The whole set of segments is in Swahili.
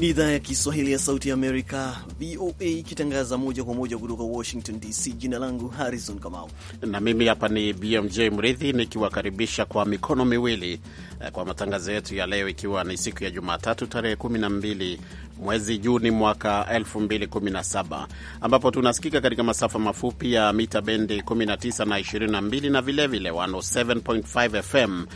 Hii ni idhaa ya Kiswahili ya Sauti Amerika, VOA, ikitangaza moja kwa moja kutoka Washington DC. Jina langu Harrison Kamau na mimi hapa ni BMJ Mridhi nikiwakaribisha kwa mikono miwili Eh, kwa matangazo yetu ya leo, ikiwa ni siku ya Jumatatu tarehe 12 mwezi Juni mwaka 2017 ambapo tunasikika katika masafa mafupi ya mita bendi 19 na 22 na vilevile 107.5 FM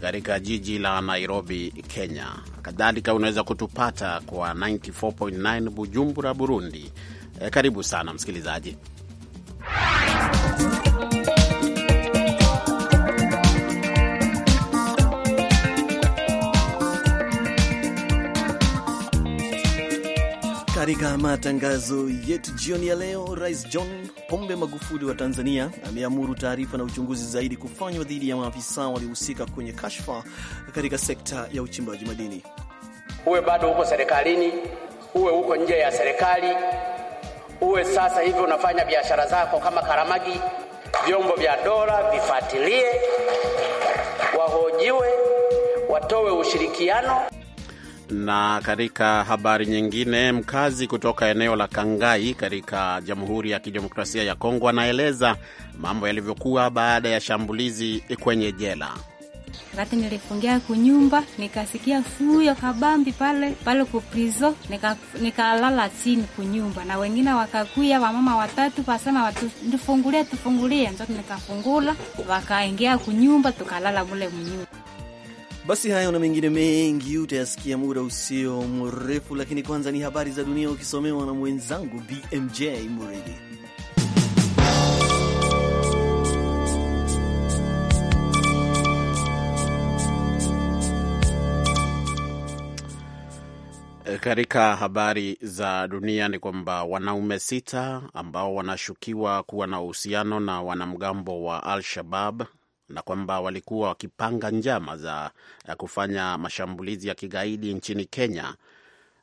katika jiji la Nairobi, Kenya. Kadhalika unaweza kutupata kwa 94.9 Bujumbura, Burundi. Eh, karibu sana msikilizaji. Katika matangazo yetu jioni ya leo, Rais John Pombe Magufuli wa Tanzania ameamuru taarifa na uchunguzi zaidi kufanywa dhidi ya maafisa waliohusika kwenye kashfa katika sekta ya uchimbaji madini. Uwe bado huko serikalini, uwe huko nje ya serikali, uwe sasa hivi unafanya biashara zako kama Karamagi, vyombo vya dola vifuatilie, wahojiwe, watowe ushirikiano. Na katika habari nyingine, mkazi kutoka eneo la Kangai katika Jamhuri ya Kidemokrasia ya Kongo anaeleza mambo yalivyokuwa baada ya shambulizi kwenye jela. Wakati nilifungia kunyumba nikasikia fuyo kabambi pale pale kuprizo, nikalala nika chini kunyumba, na wengine wakakuya wamama watatu wasema tufungulie, tufungulie, ndio nikafungula, wakaingia kunyumba, tukalala mule mnyumba basi hayo na mengine mengi utayasikia muda usio mrefu, lakini kwanza ni habari za dunia ukisomewa na mwenzangu BMJ Muridi. Eh, katika habari za dunia ni kwamba wanaume sita ambao wanashukiwa kuwa na uhusiano na wanamgambo wa Al Shabab na kwamba walikuwa wakipanga njama za kufanya mashambulizi ya kigaidi nchini Kenya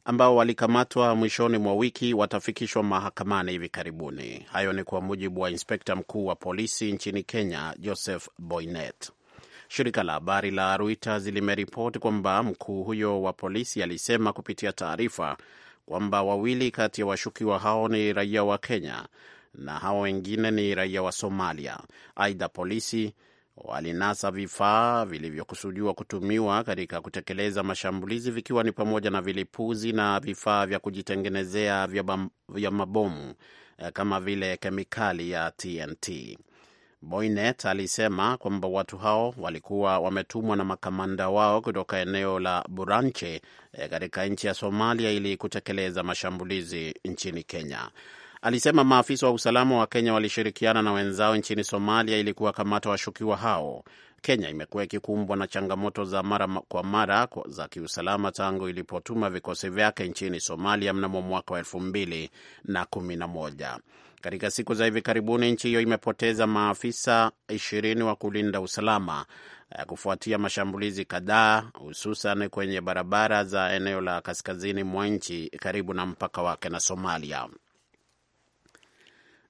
ambao walikamatwa mwishoni mwa wiki watafikishwa mahakamani hivi karibuni. Hayo ni kwa mujibu wa inspekta mkuu wa polisi nchini Kenya, Joseph Boynet. Shirika la habari la Reuters limeripoti kwamba mkuu huyo wa polisi alisema kupitia taarifa kwamba wawili kati ya washukiwa hao ni raia wa Kenya na hao wengine ni raia wa Somalia. Aidha, polisi walinasa vifaa vilivyokusudiwa kutumiwa katika kutekeleza mashambulizi vikiwa ni pamoja na vilipuzi na vifaa vya kujitengenezea vya mabomu eh, kama vile kemikali ya TNT. Boynet alisema kwamba watu hao walikuwa wametumwa na makamanda wao kutoka eneo la Buranche eh, katika nchi ya Somalia ili kutekeleza mashambulizi nchini Kenya alisema maafisa wa usalama wa Kenya walishirikiana na wenzao nchini Somalia ili kuwakamata washukiwa hao. Kenya imekuwa ikikumbwa na changamoto za mara kwa mara za kiusalama tangu ilipotuma vikosi vyake nchini Somalia mnamo mwaka wa elfu mbili na kumi na moja. Katika siku za hivi karibuni nchi hiyo imepoteza maafisa ishirini wa kulinda usalama eh, kufuatia mashambulizi kadhaa, hususan kwenye barabara za eneo la kaskazini mwa nchi karibu na mpaka wake na Somalia.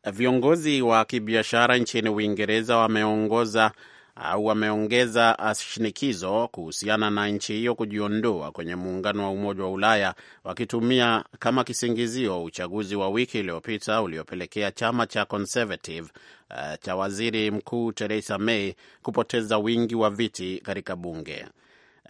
Viongozi wa kibiashara nchini Uingereza wameongoza au wameongeza uh, shinikizo kuhusiana na nchi hiyo kujiondoa kwenye muungano wa Umoja wa Ulaya, wakitumia kama kisingizio uchaguzi wa wiki iliyopita uliopelekea chama cha Conservative uh, cha waziri mkuu Theresa May kupoteza wingi wa viti katika bunge.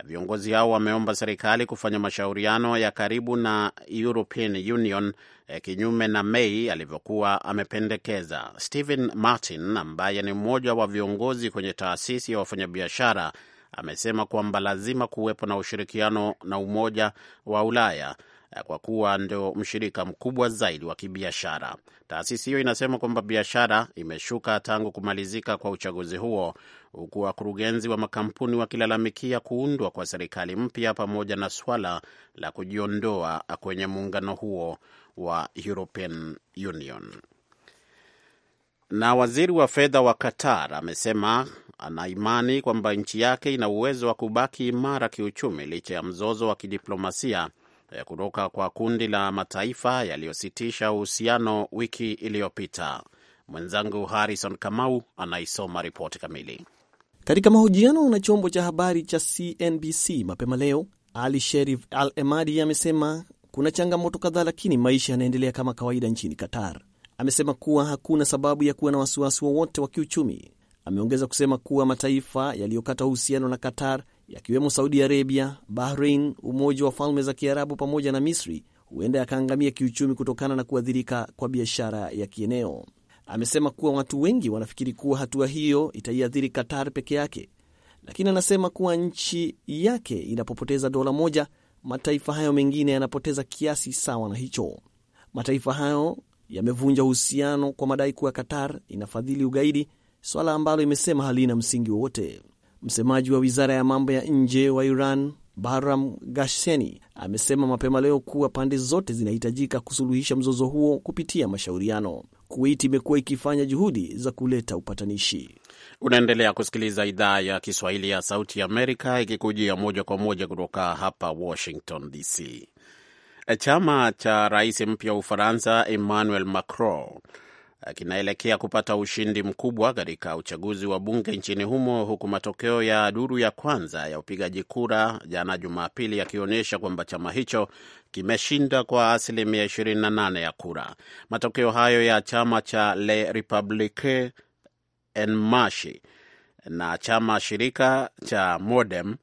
Viongozi hao wameomba serikali kufanya mashauriano ya karibu na European Union eh, kinyume na Mei alivyokuwa amependekeza. Stephen Martin ambaye ni mmoja wa viongozi kwenye taasisi ya wafanyabiashara amesema kwamba lazima kuwepo na ushirikiano na Umoja wa Ulaya eh, kwa kuwa ndio mshirika mkubwa zaidi wa kibiashara. Taasisi hiyo inasema kwamba biashara imeshuka tangu kumalizika kwa uchaguzi huo huku wakurugenzi wa makampuni wakilalamikia kuundwa kwa serikali mpya pamoja na swala la kujiondoa kwenye muungano huo wa European Union. Na waziri wa fedha wa Qatar amesema ana imani kwamba nchi yake ina uwezo wa kubaki imara kiuchumi licha ya mzozo wa kidiplomasia eh, kutoka kwa kundi la mataifa yaliyositisha uhusiano wiki iliyopita. Mwenzangu Harrison Kamau anaisoma ripoti kamili. Katika mahojiano na chombo cha habari cha CNBC mapema leo, Ali Sherif Al Emadi amesema kuna changamoto kadhaa, lakini maisha yanaendelea kama kawaida nchini Qatar. Amesema kuwa hakuna sababu ya kuwa na wasiwasi wowote wa kiuchumi. Ameongeza kusema kuwa mataifa yaliyokata uhusiano na Qatar yakiwemo Saudi Arabia, Bahrain, Umoja wa Falme za Kiarabu pamoja na Misri huenda yakaangamia kiuchumi kutokana na kuathirika kwa biashara ya kieneo. Amesema kuwa watu wengi wanafikiri kuwa hatua hiyo itaiathiri Qatar peke yake, lakini anasema kuwa nchi yake inapopoteza dola moja, mataifa hayo mengine yanapoteza kiasi sawa na hicho. Mataifa hayo yamevunja uhusiano kwa madai kuwa Qatar inafadhili ugaidi, swala ambalo imesema halina msingi wowote. Msemaji wa wizara ya mambo ya nje wa Iran Bahram gasheni amesema mapema leo kuwa pande zote zinahitajika kusuluhisha mzozo huo kupitia mashauriano. Kuwait imekuwa ikifanya juhudi za kuleta upatanishi. Unaendelea kusikiliza idhaa ya Kiswahili ya Sauti ya Amerika ikikujia moja kwa moja kutoka hapa Washington DC. E, chama cha rais mpya wa Ufaransa Emmanuel Macron kinaelekea kupata ushindi mkubwa katika uchaguzi wa bunge nchini humo, huku matokeo ya duru ya kwanza ya upigaji kura jana Jumapili yakionyesha kwamba chama hicho kimeshinda kwa asilimia 28 ya kura. Matokeo hayo ya chama cha Le Republicain En Marche na chama shirika cha Modem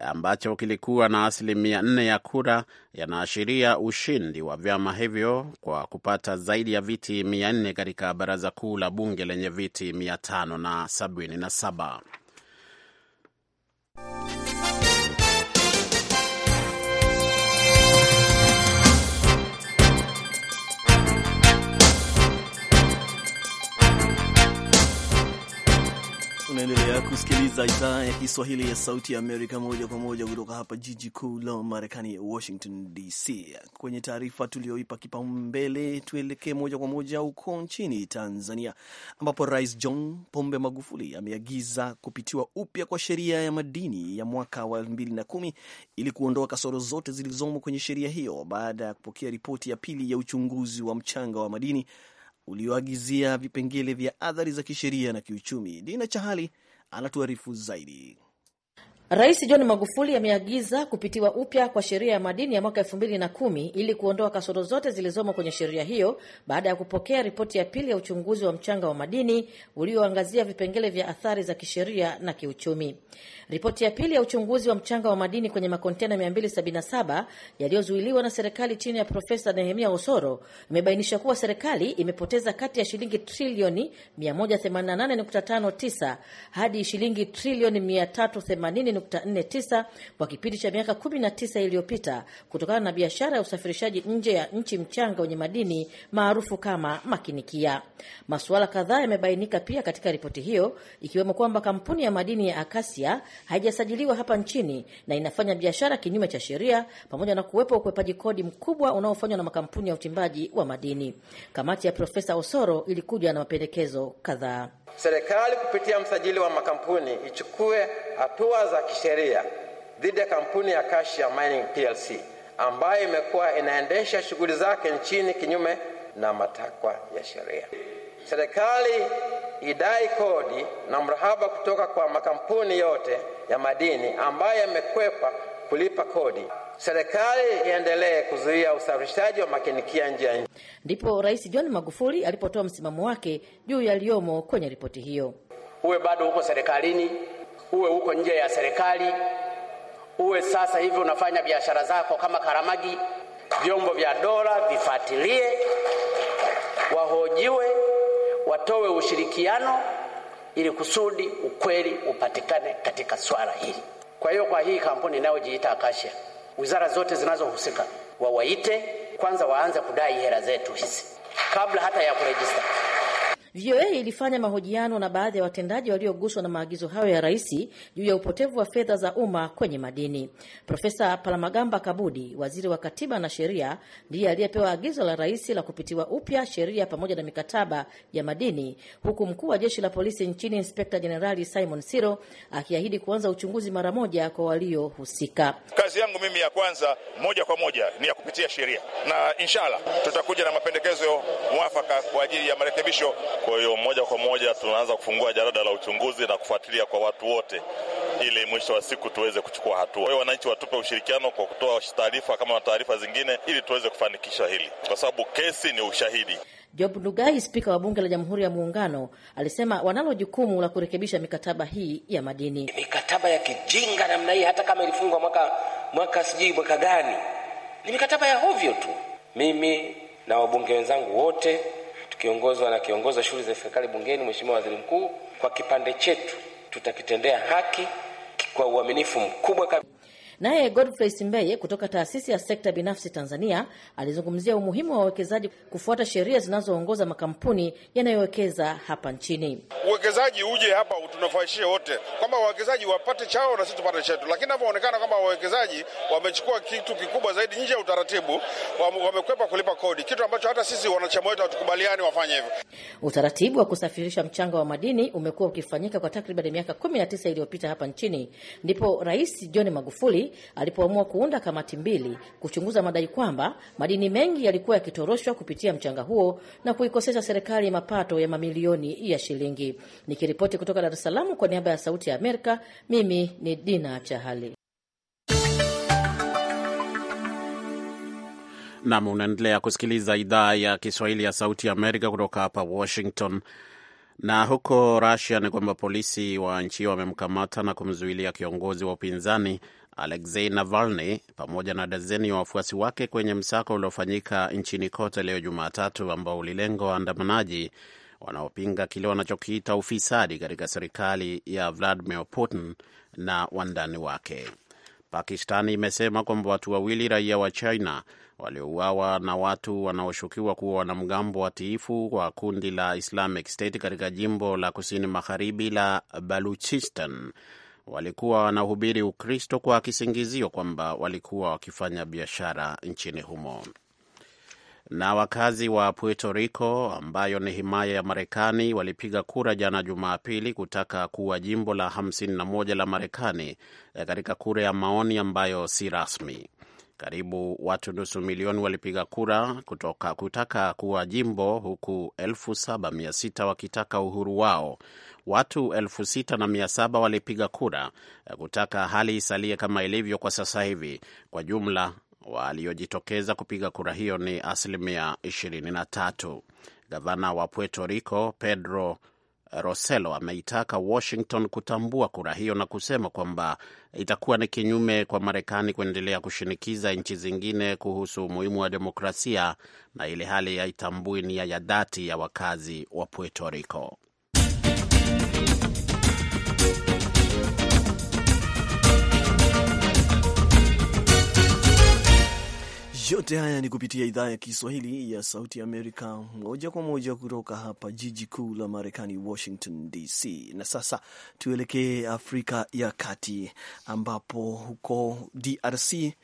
ambacho kilikuwa na asilimia nne ya kura yanaashiria ushindi wa vyama hivyo kwa kupata zaidi ya viti mia nne katika baraza kuu la bunge lenye viti mia tano na sabini na saba. Unaendelea kusikiliza idhaa ya Kiswahili ya Sauti ya Amerika moja kwa moja kutoka hapa jiji kuu la Marekani, Washington DC. Kwenye taarifa tuliyoipa kipaumbele, tuelekee moja kwa moja huko nchini Tanzania, ambapo Rais John Pombe Magufuli ameagiza kupitiwa upya kwa sheria ya madini ya mwaka wa 2010 ili kuondoa kasoro zote zilizomo kwenye sheria hiyo baada ya kupokea ripoti ya pili ya uchunguzi wa mchanga wa madini ulioagizia vipengele vya athari za kisheria na kiuchumi. Dina Chahali anatuarifu zaidi. Rais John Magufuli ameagiza kupitiwa upya kwa sheria ya madini ya mwaka elfu mbili na kumi ili kuondoa kasoro zote zilizomo kwenye sheria hiyo baada ya kupokea ripoti ya pili ya uchunguzi wa mchanga wa madini ulioangazia vipengele vya athari za kisheria na kiuchumi. Ripoti ya pili ya uchunguzi wa mchanga wa madini kwenye makontena 277 yaliyozuiliwa na serikali chini ya Profesa Nehemia Osoro imebainisha kuwa serikali imepoteza kati ya shilingi trilioni 188.59 hadi shilingi trilioni 380 1.49 kwa kipindi cha miaka 19 iliyopita kutokana na biashara ya usafirishaji nje ya nchi mchanga wenye madini maarufu kama makinikia. Masuala kadhaa yamebainika pia katika ripoti hiyo, ikiwemo kwamba kampuni ya madini ya Akasia haijasajiliwa hapa nchini na inafanya biashara kinyume cha sheria, pamoja na kuwepo ukwepaji kodi mkubwa unaofanywa na makampuni ya uchimbaji wa madini. Kamati ya Profesa Osoro ilikuja na mapendekezo kadhaa. Serikali kupitia msajili wa makampuni ichukue hatua za kisheria dhidi ya kampuni ya Acacia Mining PLC ambayo imekuwa inaendesha shughuli zake nchini kinyume na matakwa ya sheria. Serikali idai kodi na mrahaba kutoka kwa makampuni yote ya madini ambayo yamekwepa kulipa kodi. Serikali iendelee kuzuia usafirishaji wa makinikia nje ya nchi. Ndipo Rais John Magufuli alipotoa msimamo wake juu yaliyomo kwenye ripoti hiyo. Uwe bado huko serikalini uwe uko nje ya serikali, uwe sasa hivi unafanya biashara zako kama Karamagi. Vyombo vya dola vifuatilie, wahojiwe, watowe ushirikiano ili kusudi ukweli upatikane katika swala hili. Kwa hiyo, kwa hii kampuni inayojiita Akasha, wizara zote zinazohusika wawaite kwanza, waanze kudai hela zetu hizi kabla hata ya kurejista. VOA ilifanya mahojiano na baadhi ya watendaji walioguswa na maagizo hayo ya rais juu ya upotevu wa fedha za umma kwenye madini. Profesa Palamagamba Kabudi, waziri wa katiba na sheria, ndiye aliyepewa agizo la rais la kupitiwa upya sheria pamoja na mikataba ya madini, huku mkuu wa jeshi la polisi nchini Inspekta Jenerali Simon Siro akiahidi kuanza uchunguzi mara moja kwa waliohusika. Kazi yangu mimi ya kwanza moja kwa moja ni ya kupitia sheria na inshallah tutakuja na mapendekezo mwafaka kwa ajili ya marekebisho kwa hiyo moja kwa moja tunaanza kufungua jarada la uchunguzi na kufuatilia kwa watu wote, ili mwisho wa siku tuweze kuchukua hatua. Kwa hiyo wananchi watupe ushirikiano kwa kutoa taarifa kama taarifa zingine, ili tuweze kufanikisha hili, kwa sababu kesi ni ushahidi. Job Ndugai, spika wa bunge la Jamhuri ya Muungano, alisema wanalo jukumu la kurekebisha mikataba hii ya madini. Mikataba ya kijinga namna hii, hata kama ilifungwa mwaka mwaka sijui mwaka gani, ni mikataba ya hovyo tu. Mimi na wabunge wenzangu wote tukiongozwa na kiongozi wa shughuli za serikali bungeni, Mheshimiwa Waziri Mkuu, kwa kipande chetu tutakitendea haki kwa uaminifu mkubwa kabisa. Naye Godfrey Simbeye kutoka taasisi ya sekta binafsi Tanzania alizungumzia umuhimu wa wawekezaji kufuata sheria zinazoongoza makampuni yanayowekeza hapa nchini. Uwekezaji uje hapa tunafaishie wote, kwamba wawekezaji wapate chao na sisi tupate chetu, lakini inavyoonekana kwamba wawekezaji wamechukua kitu kikubwa zaidi nje ya utaratibu, wamekwepa kulipa kodi, kitu ambacho hata sisi wanachama wetu hatukubaliani wafanye hivyo. Utaratibu wa kusafirisha mchanga wa madini umekuwa ukifanyika kwa takriban miaka kumi na tisa iliyopita hapa nchini, ndipo Rais John Magufuli alipoamua kuunda kamati mbili kuchunguza madai kwamba madini mengi yalikuwa yakitoroshwa kupitia mchanga huo na kuikosesha serikali mapato ya mamilioni ya shilingi. Nikiripoti kutoka Dar es Salaam kwa niaba ya Sauti ya Amerika, mimi ni Dina Chahali. Nam, unaendelea kusikiliza idhaa ya Kiswahili ya Sauti ya Amerika kutoka hapa Washington. Na huko Russia ni kwamba polisi wa nchi hiyo wamemkamata na kumzuilia kiongozi wa upinzani Alexei Navalny pamoja na dazeni ya wafuasi wake kwenye msako uliofanyika nchini kote leo Jumatatu, ambao ulilenga waandamanaji wanaopinga kile wanachokiita ufisadi katika serikali ya Vladimir Putin na wandani wake. Pakistani imesema kwamba watu wawili raia wa China waliouawa na watu wanaoshukiwa kuwa wanamgambo watiifu wa kundi la Islamic State katika jimbo la kusini magharibi la Baluchistan walikuwa wanahubiri Ukristo kwa kisingizio kwamba walikuwa wakifanya biashara nchini humo. Na wakazi wa Puerto Rico ambayo ni himaya ya Marekani walipiga kura jana Jumapili kutaka kuwa jimbo la 51 la Marekani eh, katika kura ya maoni ambayo si rasmi. Karibu watu nusu milioni walipiga kura kutoka kutaka kuwa jimbo huku 76 wakitaka uhuru wao watu 67 walipiga kura eh, kutaka hali isalie kama ilivyo kwa sasa hivi. Kwa jumla waliojitokeza kupiga kura hiyo ni asilimia 23. Gavana wa Puerto Rico Pedro Roselo ameitaka Washington kutambua kura hiyo na kusema kwamba itakuwa ni kinyume kwa Marekani kuendelea kushinikiza nchi zingine kuhusu umuhimu wa demokrasia na ile hali haitambui nia ya dhati ya wakazi wa Puerto Rico. Yote haya ni kupitia idhaa ya Kiswahili ya Sauti Amerika, moja kwa moja kutoka hapa jiji kuu la Marekani, Washington DC. Na sasa tuelekee Afrika ya Kati, ambapo huko DRC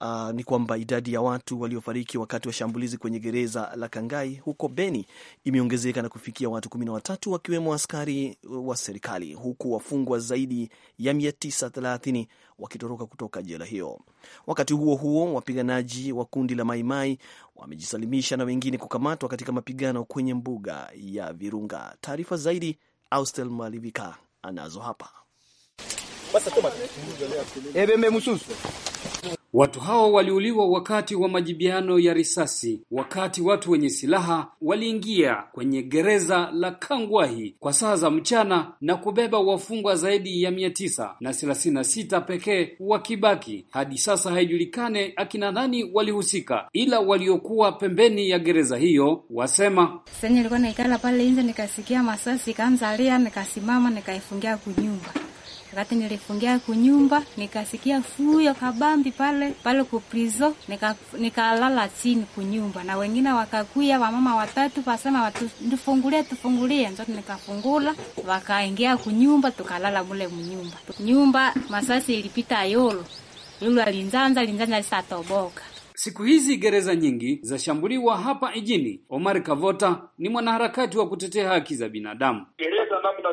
uh, ni kwamba idadi ya watu waliofariki wakati wa shambulizi kwenye gereza la Kangai huko Beni imeongezeka na kufikia watu kumi na watatu wakiwemo askari wa serikali, huku wafungwa zaidi ya thelathini wakitoroka kutoka jela hiyo. Wakati huo huo, wapiganaji wa kundi la Maimai wamejisalimisha na wengine kukamatwa katika mapigano kwenye mbuga ya Virunga. Taarifa zaidi Austel Malivika anazo hapa. Watu hao waliuliwa wakati wa majibiano ya risasi, wakati watu wenye silaha waliingia kwenye gereza la Kangwahi kwa saa za mchana na kubeba wafungwa zaidi ya mia tisa na thelathini na sita pekee wakibaki. Hadi sasa haijulikane akina nani walihusika, ila waliokuwa pembeni ya gereza hiyo wasema, sasa nilikuwa naikala pale nje, nikasikia masasi, kaanza lia, nikasimama, nikaifungia kunyumba Wakati nilifungia kunyumba, nikasikia fuyo kabambi pale pale ku prizo, nikalala nika chini kunyumba, na wengine wakakuya wamama watatu wasema watufungulie, tufungulie nzote, nikafungula wakaingia kunyumba, tukalala mule mnyumba. Nyumba masasi ilipita yolo yulu alinzanza linzanza lisatoboka. Siku hizi gereza nyingi zashambuliwa hapa ijini. Omar Kavota ni mwanaharakati wa kutetea haki za binadamu. Gereza namna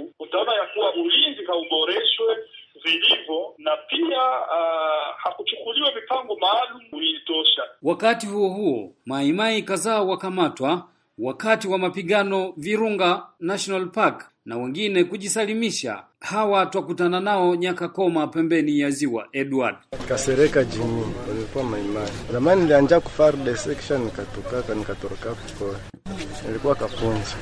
huku, utaona ya kuwa ulinzi hauboreshwe vilivyo na pia uh, hakuchukuliwa mipango maalum ulitosha. Wakati huo huo, maimai kadhaa wakamatwa wakati wa mapigano Virunga National Park na wengine kujisalimisha. Hawa twakutana nao nyaka koma pembeni ya ziwa Edward. Kasereka jini walikuwa maimai zamani, nilianja kufaa desection nikatoka nikatoroka kukoa, ilikuwa kafunzi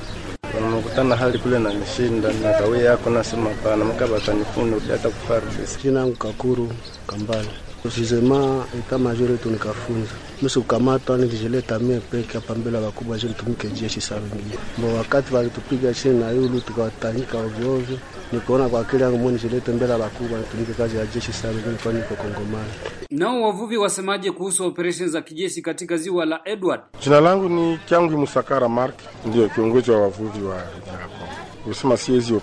Nimekutana hali kule na nishinda na kawia yako nasema pana mkaba tanifuna hata kufarisi. Jina Mkakuru Kambale eta etamajor yetu nikafunza msi kukamatwa ni vijiletamie peke hapa mbele wakubwa jeshi saa wengine mbo wakati walitupiga chini na yulu tukawatanyika kwa akili yangu mbele wakubwa nitumike kazi ya jeshi saa wengine niko Kongomani. Nao wavuvi wasemaje kuhusu operesheni za kijeshi katika ziwa la Edward? Jina langu ni Kyangwi Musakara Mark, ndiyo kiongozi wa wavuvi wa Nyiragongo. Kusema si hizi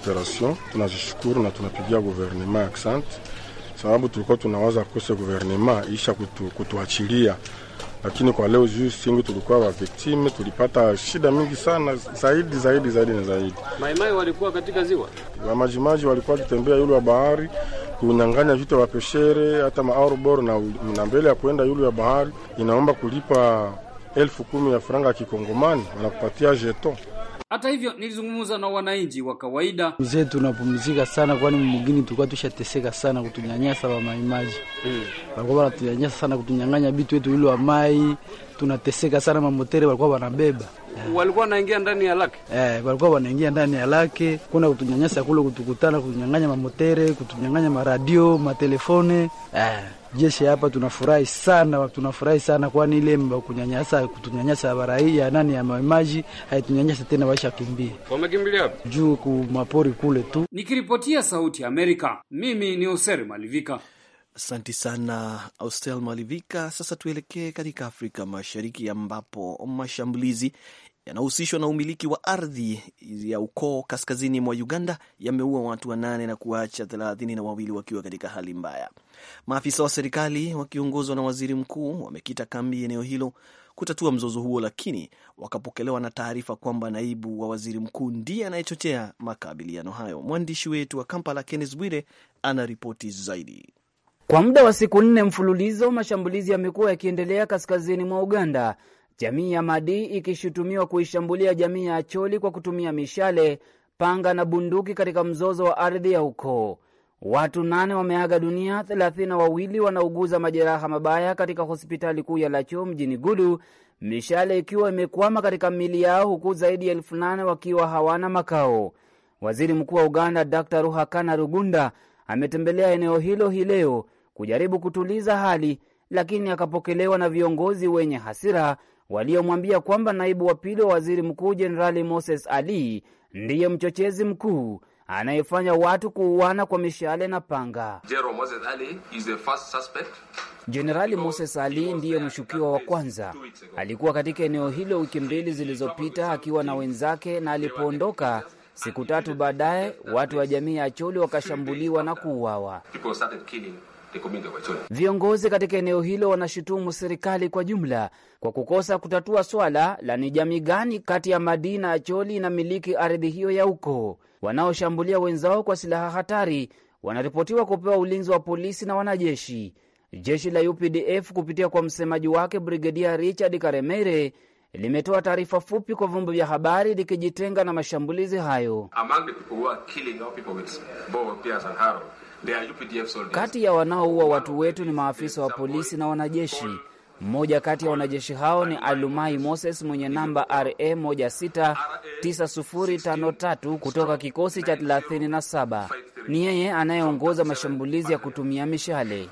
tunazishukuru na tunapigia guvernema aksante sababu tulikuwa tunawaza kose guvernema isha kutu, kutuachilia lakini kwa leo juu singi tulikuwa waviktime, tulipata shida mingi sana zaidi zaidi zaidi na zaidi. Maimai walikuwa katika ziwa, wamajimaji walikuwa wakitembea yulu ya bahari kunyang'anya vitu vya peshere hata maorbor na, na mbele ya kuenda yulu ya bahari inaomba kulipa elfu kumi ya franga ya kikongomani wanakupatia jeton hata hivyo nilizungumza na wananchi wa kawaida. Mzee, tunapumzika sana, kwani mgini tulikuwa tushateseka sana, kutunyanyasa wa maimaji mm. walikuwa wanatunyanyasa sana, kutunyang'anya bitu wetu ilo wa mai, tunateseka sana. Mamotere walikuwa wanabeba walikuwa wanaingia ndani ya lake eh, walikuwa wanaingia ndani ya lake. Kuna kutunyanyasa kule, kutukutana, kutunyang'anya mamotere, kutunyang'anya maradio, matelefone eh. Jeshi hapa tunafurahi sana, tunafurahi sana kwani ile kunyanyasa, kutunyanyasa baraia nani ya maimaji haitunyanyasa tena, waisha kimbia, wamekimbilia hapa juu kumapori kule tu. Nikiripotia Sauti ya Amerika, mimi ni Oser Malivika. Asanti sana Austel Malivika. Sasa tuelekee katika Afrika Mashariki ambapo mashambulizi yanahusishwa na umiliki wa ardhi ya ukoo kaskazini mwa Uganda yameua watu wanane na kuacha thelathini na wawili wakiwa katika hali mbaya. Maafisa wa serikali wakiongozwa na waziri mkuu wamekita kambi eneo hilo kutatua mzozo huo, lakini wakapokelewa na taarifa kwamba naibu wa waziri mkuu ndiye anayechochea makabiliano hayo. Mwandishi wetu wa Kampala Kenneth Bwire ana ripoti zaidi. Kwa muda wa siku nne mfululizo, mashambulizi yamekuwa yakiendelea kaskazini mwa Uganda, jamii ya Madi ikishutumiwa kuishambulia jamii ya Acholi kwa kutumia mishale, panga na bunduki katika mzozo wa ardhi ya uko Watu nane wameaga dunia, thelathini na wawili wanauguza majeraha mabaya katika hospitali kuu ya Lacho mjini Gulu, mishale ikiwa imekwama katika mili yao, huku zaidi ya elfu nane wakiwa hawana makao. Waziri Mkuu wa Uganda Dr Ruhakana Rugunda ametembelea eneo hilo hii leo kujaribu kutuliza hali, lakini akapokelewa na viongozi wenye hasira waliomwambia kwamba naibu wa pili wa waziri mkuu Jenerali Moses Ali ndiye mchochezi mkuu anayefanya watu kuuana kwa mishale na panga. Jenerali Moses Ali ndiye mshukiwa wa kwanza. Alikuwa katika eneo hilo wiki mbili zilizopita akiwa na wenzake, na alipoondoka siku tatu baadaye, watu wa jamii ya Acholi wakashambuliwa na kuuawa. Viongozi katika eneo hilo wanashutumu serikali kwa jumla kwa kukosa kutatua swala la ni jamii gani kati ya Madina ya Choli inamiliki ardhi hiyo ya uko. Wanaoshambulia wenzao kwa silaha hatari wanaripotiwa kupewa ulinzi wa polisi na wanajeshi. Jeshi la UPDF kupitia kwa msemaji wake Brigedia Richard Karemere limetoa taarifa fupi kwa vyombo vya habari likijitenga na mashambulizi hayo. Among the kati ya wanaoua watu wetu ni maafisa wa polisi na wanajeshi. Mmoja kati ya wanajeshi hao ni Alumai Moses mwenye namba RA 169053 kutoka kikosi cha 37. Ni yeye anayeongoza mashambulizi ya kutumia mishale.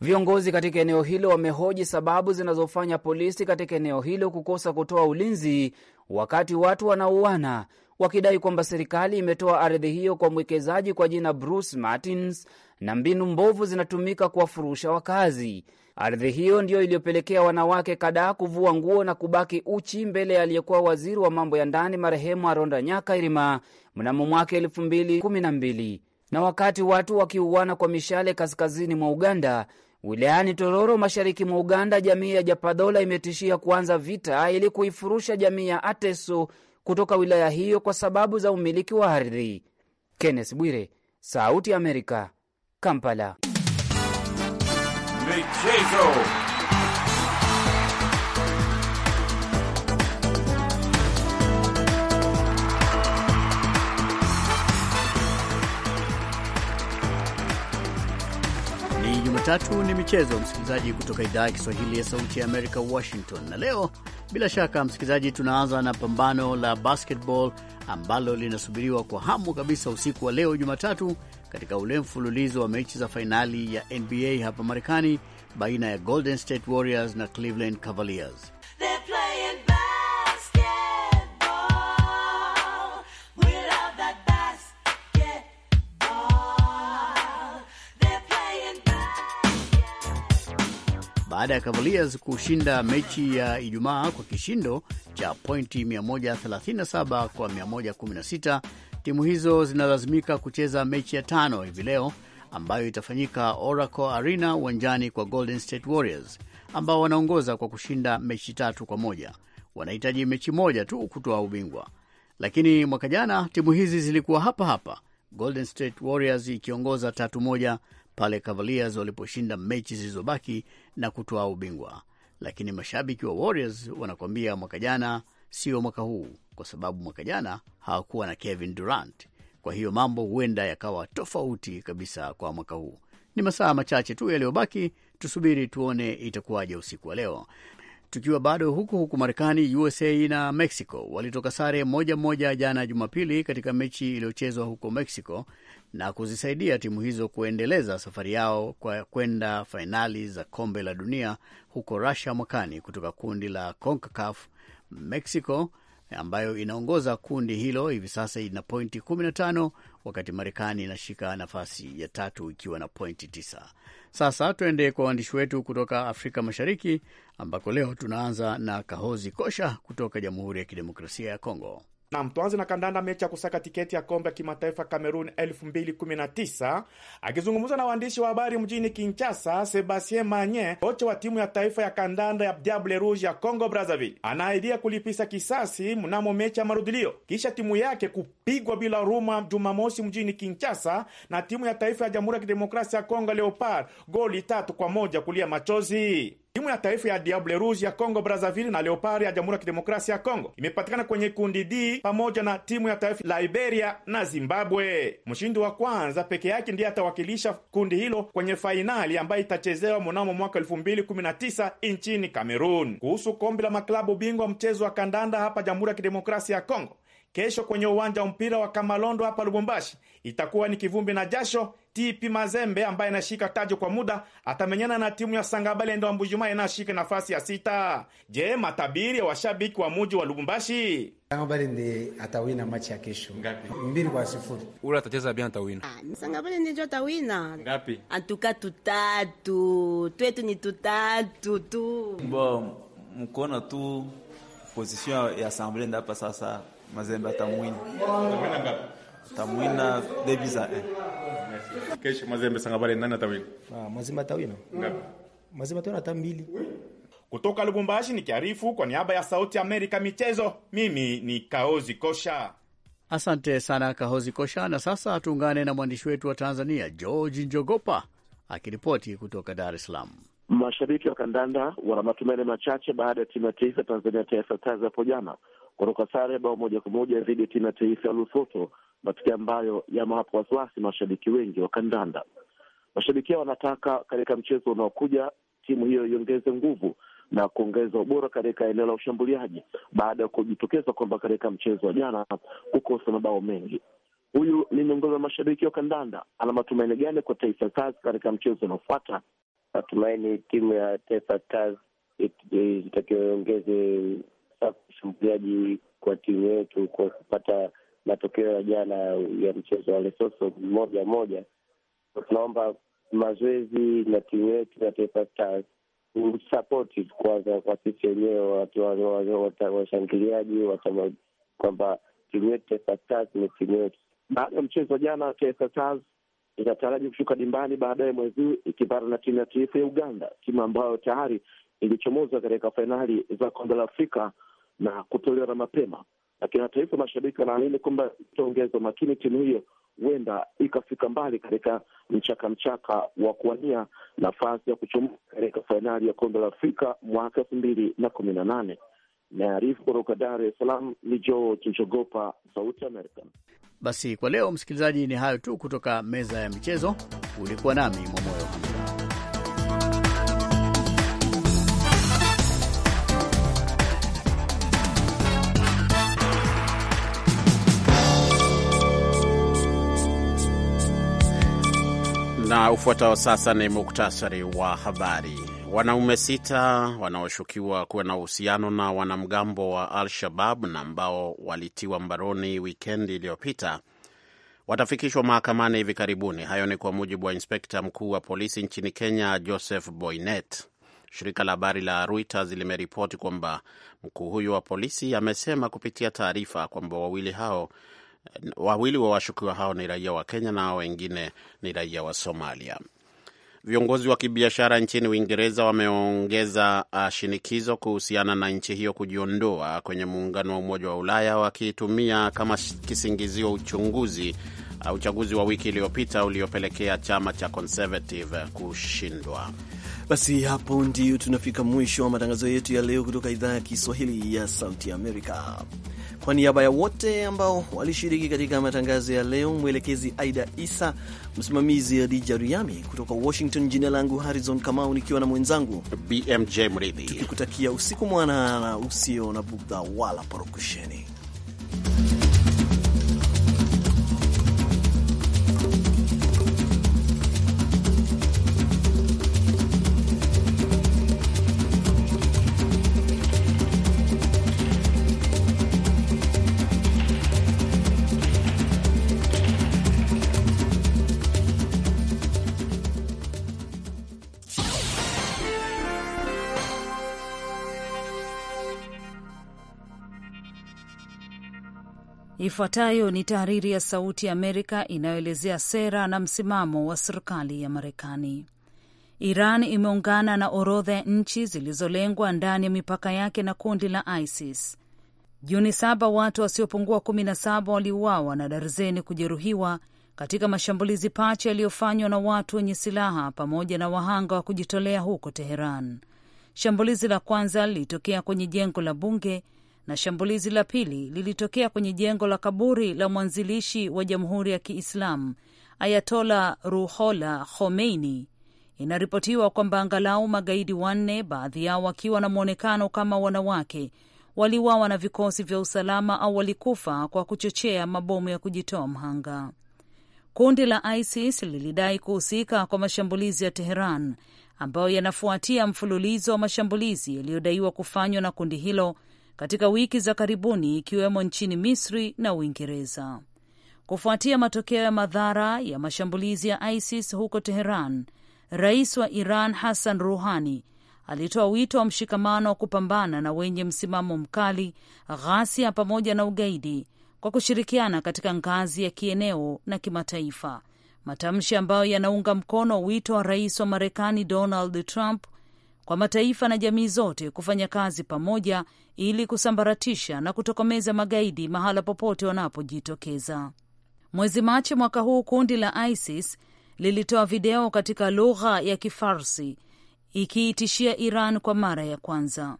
Viongozi katika eneo hilo wamehoji sababu zinazofanya polisi katika eneo hilo kukosa kutoa ulinzi wakati watu wanauana wakidai kwamba serikali imetoa ardhi hiyo kwa mwekezaji kwa jina Bruce Martins na mbinu mbovu zinatumika kuwafurusha wakazi. Ardhi hiyo ndiyo iliyopelekea wanawake kadhaa kuvua nguo na kubaki uchi mbele ya aliyekuwa waziri wa mambo ya ndani marehemu Aronda Nyakairima mnamo mwaka elfu mbili kumi na mbili na wakati watu wakiuana kwa mishale kaskazini mwa Uganda, Wilayani Tororo, mashariki mwa Uganda, jamii ya Japadhola imetishia kuanza vita ili kuifurusha jamii ya Ateso kutoka wilaya hiyo kwa sababu za umiliki wa ardhi. Kenneth Bwire, Sauti ya Amerika, Kampala. Michezo. Jumatatu ni michezo, msikilizaji, kutoka idhaa ya Kiswahili ya Sauti ya Amerika, Washington. Na leo bila shaka, msikilizaji, tunaanza na pambano la basketball ambalo linasubiriwa kwa hamu kabisa usiku wa leo Jumatatu, katika ule mfululizo wa mechi za fainali ya NBA hapa Marekani, baina ya Golden State Warriors na Cleveland Cavaliers. They're baada ya Cavaliers kushinda mechi ya Ijumaa kwa kishindo cha pointi 137 kwa 116, timu hizo zinalazimika kucheza mechi ya tano hivi leo ambayo itafanyika Oracle Arena uwanjani kwa Golden State Warriors ambao wanaongoza kwa kushinda mechi tatu kwa moja. Wanahitaji mechi moja tu kutoa ubingwa, lakini mwaka jana timu hizi zilikuwa hapa hapa, Golden State Warriors ikiongoza tatu moja pale Cavaliers waliposhinda mechi zilizobaki na kutoa ubingwa, lakini mashabiki wa Warriors wanakuambia mwaka jana sio mwaka huu, kwa sababu mwaka jana hawakuwa na Kevin Durant. Kwa hiyo mambo huenda yakawa tofauti kabisa kwa mwaka huu. Ni masaa machache tu yaliyobaki, tusubiri tuone itakuwaje usiku wa leo. Tukiwa bado huku huku Marekani, USA na Mexico walitoka sare moja moja jana Jumapili katika mechi iliyochezwa huko Mexico na kuzisaidia timu hizo kuendeleza safari yao kwa kwenda fainali za kombe la dunia huko Russia mwakani kutoka kundi la CONCACAF. Mexico ambayo inaongoza kundi hilo hivi sasa ina pointi 15 wakati Marekani inashika nafasi ya tatu ikiwa na pointi 9. Sasa tuende kwa waandishi wetu kutoka Afrika Mashariki ambako leo tunaanza na Kahozi Kosha kutoka Jamhuri ya Kidemokrasia ya Kongo. Nam, tuanze na kandanda. Mechi ya kusaka tiketi ya kombe ya kimataifa Kamerun 2019. Akizungumza na waandishi wa habari mjini Kinshasa, Sebastien Manye, kocha wa timu ya taifa ya kandanda ya Diable Rouge ya Congo Brazzaville, anaaidia kulipisa kisasi mnamo mechi ya marudilio kisha timu yake kupigwa bila huruma Jumamosi mjini Kinshasa na timu ya taifa ya Jamhuri ya Kidemokrasia ya congo Leopard goli tatu kwa moja kulia machozi. Timu ya taifa ya Diable Rouge ya Congo Brazzaville na Leopard ya Jamhuri ya Kidemokrasia ya congo imepatikana kwenye kundi D pamoja na timu ya taifa Liberia na Zimbabwe. Mshindi wa kwanza peke yake ndiye atawakilisha kundi hilo kwenye fainali ambayo itachezewa mnamo mwaka 2019 nchini Cameroon. Kuhusu kombe la maklabu bingwa mchezo wa kandanda hapa Jamhuri ya Kidemokrasia ya congo kesho kwenye uwanja wa mpira wa Kamalondo hapa Lubumbashi itakuwa ni kivumbi na jasho TP Mazembe ambaye anashika taji kwa muda atamenyana na timu ya Sangabalende wa Mbujumayi inayoshika nafasi ya sita. Je, matabiri ya washabiki wa muji wa Lubumbashi? Sangabalende atawina machi ya kesho ngapi? mbili kwa sifuri. Ula atacheza atawina. Ah, Sangabalende atawina ngapi? Antuka tutatu twetu ni tutatu tu bo mkona tu position ya Sangabalende hapa sasa. Mazembe atamwina atamwina eh. Kesho Mazembe Sangabale nani atawina? Ah, Mazembe atawina. Ngapi? Mazembe atawina hata mbili. Kutoka Lubumbashi ni nikiarifu kwa niaba ya Sauti Amerika michezo, mimi ni Kaozi Kosha. Asante sana Kahozi Kosha. Na sasa tuungane na mwandishi wetu wa Tanzania George Njogopa akiripoti kutoka Dar es Salaam. Mashabiki wa kandanda wana matumaini machache baada ya timu ya taifa Tanzania Taifa Stars hapo jana kutoka sare bao moja kwa moja dhidi ya timu ya taifa ya Lusoto, matokeo ambayo yamewapa wasiwasi mashabiki wengi wa kandanda. Mashabiki hao wanataka katika mchezo unaokuja timu hiyo iongeze nguvu na kuongeza ubora katika eneo la ushambuliaji baada ya kujitokeza kwamba katika mchezo wa jana kukosa mabao mengi. Huyu ni miongoni mwa mashabiki wa kandanda. Ana matumaini gani kwa Taifa Stars katika mchezo unaofuata? Natumaini timu ya Taifa Stars itakiwa iongeze hasa ushambuliaji kwa timu yetu kwa kupata matokeo ya jana ya mchezo wa Lesoso moja moja. Tunaomba mazoezi na timu yetu ya Taifa Stars kwanza kwa sisi wenyewe, washangiliaji, kwamba timu yetu Taifa Stars ni timu yetu. Baada ya mchezo wa jana, Taifa Stars inataraji kushuka dimbani baadaye mwezi huu ikipata na timu ya taifa ya Uganda, timu ambayo tayari ilichomozwa katika fainali za kombe la Afrika na kutolewa na mapema. Lakini hata hivyo, mashabiki wanaamini kwamba itaongeza makini timu hiyo, huenda ikafika mbali katika mchaka mchaka wa kuwania nafasi ya kuchumua katika fainali ya kombe la Afrika mwaka elfu mbili na kumi na nane. Naarifu kutoka Dar es Salaam ni George Njogopa, Sauti Amerika. Basi kwa leo, msikilizaji, ni hayo tu kutoka meza ya michezo. Ulikuwa nami Mwamoyo. ufuatao sasa ni muktasari wa habari. Wanaume sita wanaoshukiwa kuwa na uhusiano na wanamgambo wa Al-Shabab na ambao walitiwa mbaroni wikendi iliyopita watafikishwa mahakamani hivi karibuni. Hayo ni kwa mujibu wa inspekta mkuu wa polisi nchini Kenya, Joseph Boynet. Shirika la habari la Reuters limeripoti kwamba mkuu huyo wa polisi amesema kupitia taarifa kwamba wawili hao Wawili wa washukiwa hao ni raia wa Kenya na wengine ni raia wa Somalia. Viongozi wa kibiashara nchini Uingereza wameongeza uh, shinikizo kuhusiana na nchi hiyo kujiondoa kwenye muungano wa Umoja wa Ulaya, wakitumia kama kisingizio uchunguzi uh, uchaguzi wa wiki iliyopita uliopelekea chama cha Conservative kushindwa. Basi hapo ndio tunafika mwisho wa matangazo yetu ya leo kutoka idhaa ya Kiswahili ya Sauti Amerika. Kwa niaba ya wote ambao walishiriki katika matangazo ya leo, mwelekezi Aida Isa, msimamizi Adija Riami kutoka Washington, jina langu Harrison Kamau nikiwa na mwenzangu BMJ Mridhi, tukikutakia usiku mwanana usio na budha wala porokusheni. Ifuatayo ni tahariri ya Sauti ya Amerika inayoelezea sera na msimamo wa serikali ya Marekani. Iran imeungana na orodha ya nchi zilizolengwa ndani ya mipaka yake na kundi la ISIS. Juni saba watu wasiopungua kumi na saba waliuawa na darzeni kujeruhiwa katika mashambulizi pacha yaliyofanywa na watu wenye silaha pamoja na wahanga wa kujitolea huko Teheran. Shambulizi la kwanza lilitokea kwenye jengo la bunge na shambulizi la pili lilitokea kwenye jengo la kaburi la mwanzilishi wa Jamhuri ya Kiislamu Ayatola Ruhola Khomeini. Inaripotiwa kwamba angalau magaidi wanne, baadhi yao wakiwa na mwonekano kama wanawake, waliuawa na vikosi vya usalama au walikufa kwa kuchochea mabomu ya kujitoa mhanga. Kundi la ISIS lilidai kuhusika kwa mashambulizi ya Teheran ambayo yanafuatia mfululizo wa mashambulizi yaliyodaiwa kufanywa na kundi hilo katika wiki za karibuni ikiwemo nchini Misri na Uingereza kufuatia matokeo ya madhara ya mashambulizi ya ISIS huko Teheran. Rais wa Iran Hassan Rouhani alitoa wito wa mshikamano wa kupambana na wenye msimamo mkali, ghasia pamoja na ugaidi kwa kushirikiana katika ngazi ya kieneo na kimataifa, matamshi ambayo yanaunga mkono wito wa rais wa Marekani Donald Trump kwa mataifa na jamii zote kufanya kazi pamoja ili kusambaratisha na kutokomeza magaidi mahala popote wanapojitokeza. Mwezi Machi mwaka huu kundi la ISIS lilitoa video katika lugha ya Kifarsi ikiitishia Iran kwa mara ya kwanza.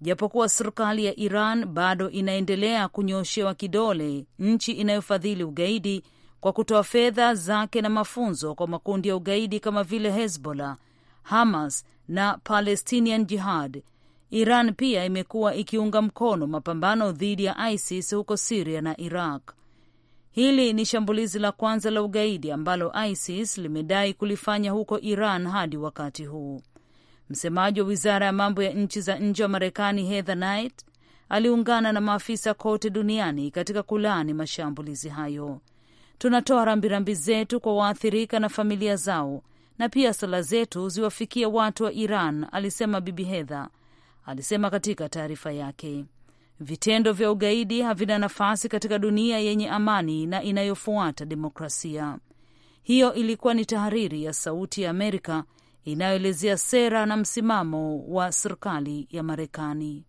Japokuwa serikali ya Iran bado inaendelea kunyoshewa kidole nchi inayofadhili ugaidi kwa kutoa fedha zake na mafunzo kwa makundi ya ugaidi kama vile Hezbollah, Hamas na Palestinian Jihad. Iran pia imekuwa ikiunga mkono mapambano dhidi ya ISIS huko Siria na Iraq. Hili ni shambulizi la kwanza la ugaidi ambalo ISIS limedai kulifanya huko Iran hadi wakati huu. Msemaji wa wizara ya mambo ya nchi za nje wa Marekani Heather Nauert aliungana na maafisa kote duniani katika kulaani mashambulizi hayo. Tunatoa rambirambi zetu kwa waathirika na familia zao na pia sala zetu ziwafikie watu wa Iran, alisema Bibi Hedha. Alisema katika taarifa yake, vitendo vya ugaidi havina nafasi katika dunia yenye amani na inayofuata demokrasia. Hiyo ilikuwa ni tahariri ya Sauti ya Amerika inayoelezea sera na msimamo wa serikali ya Marekani.